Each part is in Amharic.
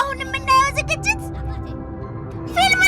አሁን የምናየው ዝግጅት ፊልም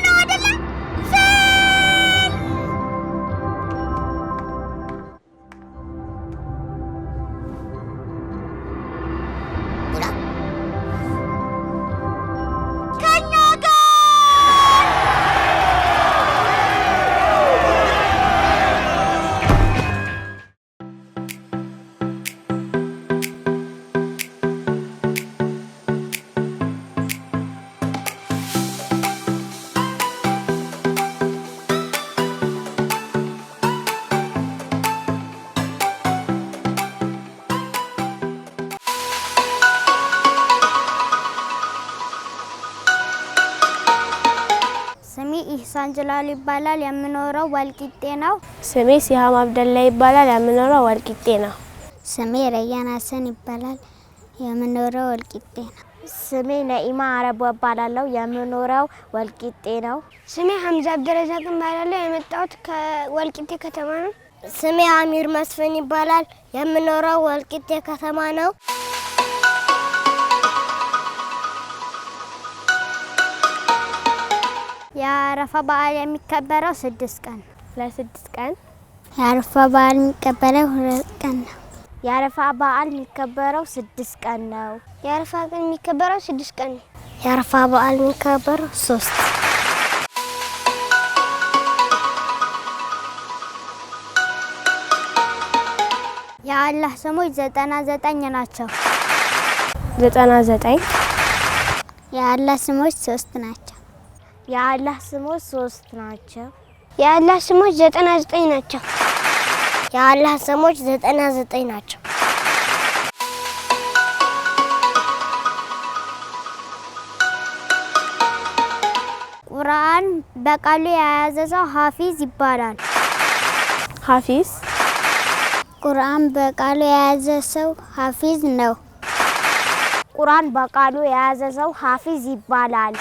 አንጅላል ይባላል። የምኖረው ወልቂጤ ነው። ስሜ ሲሃም አብደላ ይባላል። የምኖረው ወልቂጤ ነው። ስሜ ረያን ሀሰን ይባላል። የምኖረው ወልቂጤ ነው። ስሜ ነኢማ አረቦ እባላለሁ። የምኖረው ወልቂጤ ነው። ስሜ ሀምዛ አብደረዛቅ እባላለሁ። የመጣሁት ከወልቂጤ ከተማ ነው። ስሜ አሚር መስፍን ይባላል። የምኖረው ወልቂጤ ከተማ ነው። የአረፋ በዓል የሚከበረው ስድስት ቀን ነው። ለስድስት ቀን የአረፋ በዓል የሚከበረው ሁለት ቀን ነው። የአረፋ በዓል የሚከበረው ስድስት ቀን ነው። የአረፋ ቀን የሚከበረው ስድስት ቀን ነው። የአረፋ በዓል የሚከበረው ሶስት የአላህ ስሞች ዘጠና ዘጠኝ ናቸው። ዘጠና ዘጠኝ የአላህ ስሞች ሶስት ናቸው። የአላህ ስሞች ሶስት ናቸው። የአላህ ስሞች ዘጠና ዘጠኝ ናቸው። የአላህ ስሞች ዘጠና ዘጠኝ ናቸው። ቁርአን በቃሉ የያዘ ሰው ሀፊዝ ይባላል። ሀፊዝ ቁርአን በቃሉ የያዘ ሰው ሀፊዝ ነው። ቁርአን በቃሉ የያዘ ሰው ሀፊዝ ይባላል።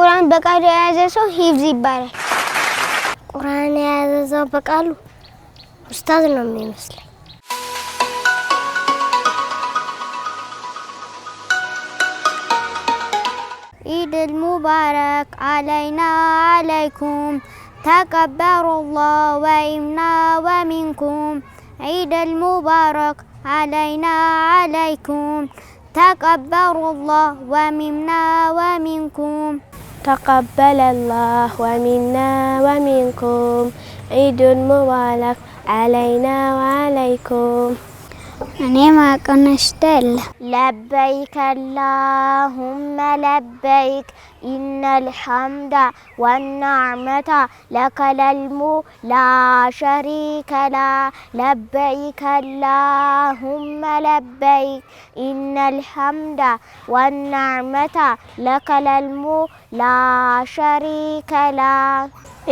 ቁርአን በቃሉ የያዘ ሰው ሂፍዝ ይባላል። ቁርአን የያዘ ሰው በቃሉ ኡስታዝ ነው የሚመስለኝ። ኢድ ሙባረክ አለይና አለይኩም ተቀበሩላህ ወኢምና ወሚንኩም ኢድ ሙባረክ አለይና አለይኩም ተቀበሩላህ ወሚና ወሚንኩም تقبل الله ومنا ومنكم عيد مبارك علينا وعليكم እኔ ማቀነሽ ደለ ለበይክ አላሁመ ለበይክ ኢነል ሐምደ ወነዕመተ ለከለልሙ ላ ሸሪከ ላ ለበይክ አላሁመ ለበይክ ኢነል ሐምደ ወነዕመተ ለከለልሙ ላ ሸሪከ ላ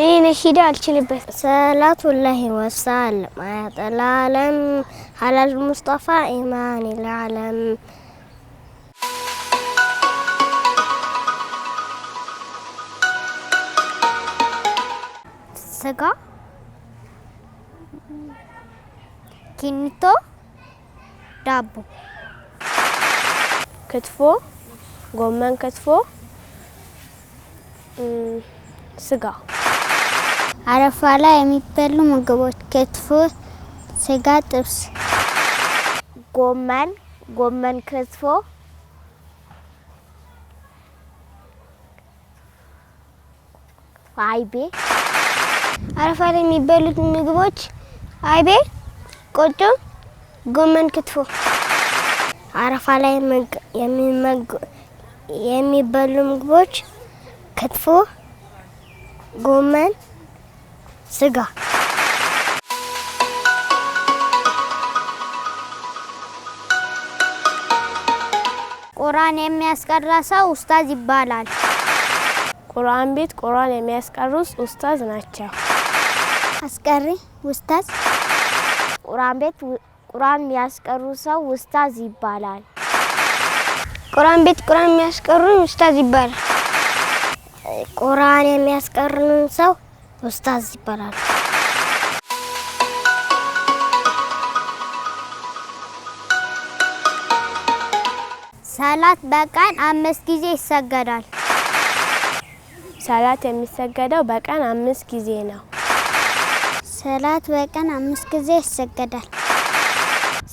ይህን ሂዳ አልችልበት ሰላቱላሂ ወሰላም አጠላለም ሀላል ሙስጣ ضعفاء من العلم ስጋ ኪኒቶ ዳቦ ክትፎ ጎመን ክትፎ ስጋ አረፋ ላይ የሚበሉ ምግቦች ክትፎ ስጋ ጥብስ ጎመን ጎመን ክትፎ አይቤ አረፋ ላይ የሚበሉት ምግቦች አይቤ፣ ቆጮ፣ ጎመን ክትፎ። አረፋ ላይ የሚበሉ ምግቦች ክትፎ፣ ጎመን፣ ስጋ ቁርአን የሚያስቀራ ሰው ኡስታዝ ይባላል። ቁርአን ቤት ቁርአን የሚያስቀሩስ ኡስታዝ ናቸው። አስቀሪ ኡስታዝ። ቁርአን ቤት ቁርአን የሚያስቀሩ ሰው ኡስታዝ ይባላል። ቁርአን ቤት ቁርአን የሚያስቀሩ ኡስታዝ ይባላል። ቁርአን የሚያስቀሩን ሰው ኡስታዝ ይባላል። ሰላት በቀን አምስት ጊዜ ይሰገዳል። ሰላት የሚሰገደው በቀን አምስት ጊዜ ነው። ሰላት በቀን አምስት ጊዜ ይሰገዳል።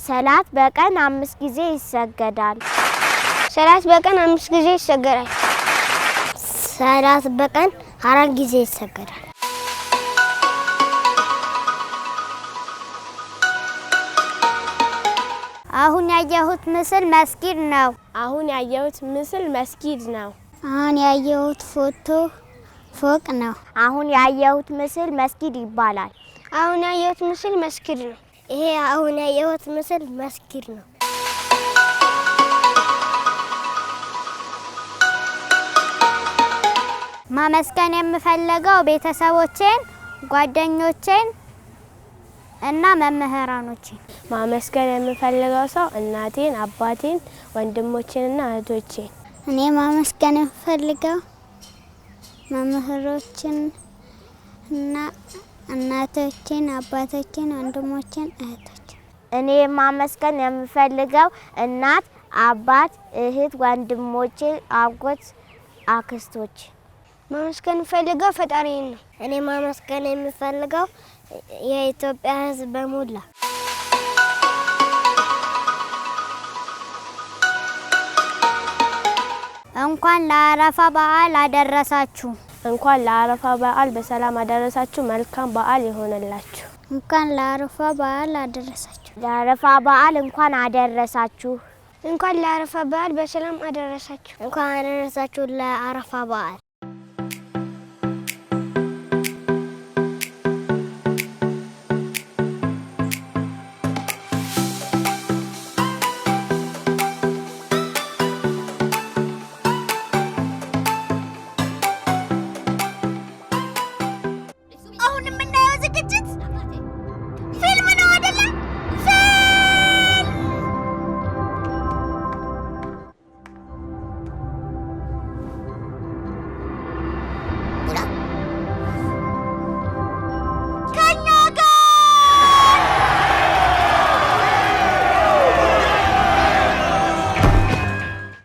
ሰላት በቀን አምስት ጊዜ ይሰገዳል። ሰላት በቀን አምስት ጊዜ ይሰገዳል። ሰላት በቀን አራት ጊዜ ይሰገዳል። አሁን ያየሁት ምስል መስጊድ ነው። አሁን ያየሁት ምስል መስጊድ ነው። አሁን ያየሁት ፎቶ ፎቅ ነው። አሁን ያየሁት ምስል መስጊድ ይባላል። አሁን ያየሁት ምስል መስጊድ ነው። ይሄ አሁን ያየሁት ምስል መስጊድ ነው። ማመስገን የምፈልገው ቤተሰቦቼን፣ ጓደኞቼን እና መምህራኖቼ ማመስገን የምፈልገው ሰው እናቴን፣ አባቴን፣ ወንድሞቼንና እህቶቼን። እኔ ማመስገን የምፈልገው መምህሮችን እና እናቶችን፣ አባቶችን፣ ወንድሞችን፣ እህቶች። እኔ ማመስገን የምፈልገው እናት፣ አባት፣ እህት፣ ወንድሞችን፣ አጎት፣ አክስቶች ማመስገን የምፈልገው ፈጣሪ ነው። እኔ ማመስገን የምፈልገው የኢትዮጵያ ሕዝብ በሞላ እንኳን ለአረፋ በዓል አደረሳችሁ። እንኳን ለአረፋ በዓል በሰላም አደረሳችሁ። መልካም በዓል የሆነላችሁ እንኳን ለአረፋ በዓል አደረሳችሁ። ለአረፋ በዓል እንኳን አደረሳችሁ። እንኳን ለአረፋ በዓል በሰላም አደረሳችሁ። እንኳን አደረሳችሁ ለአረፋ በዓል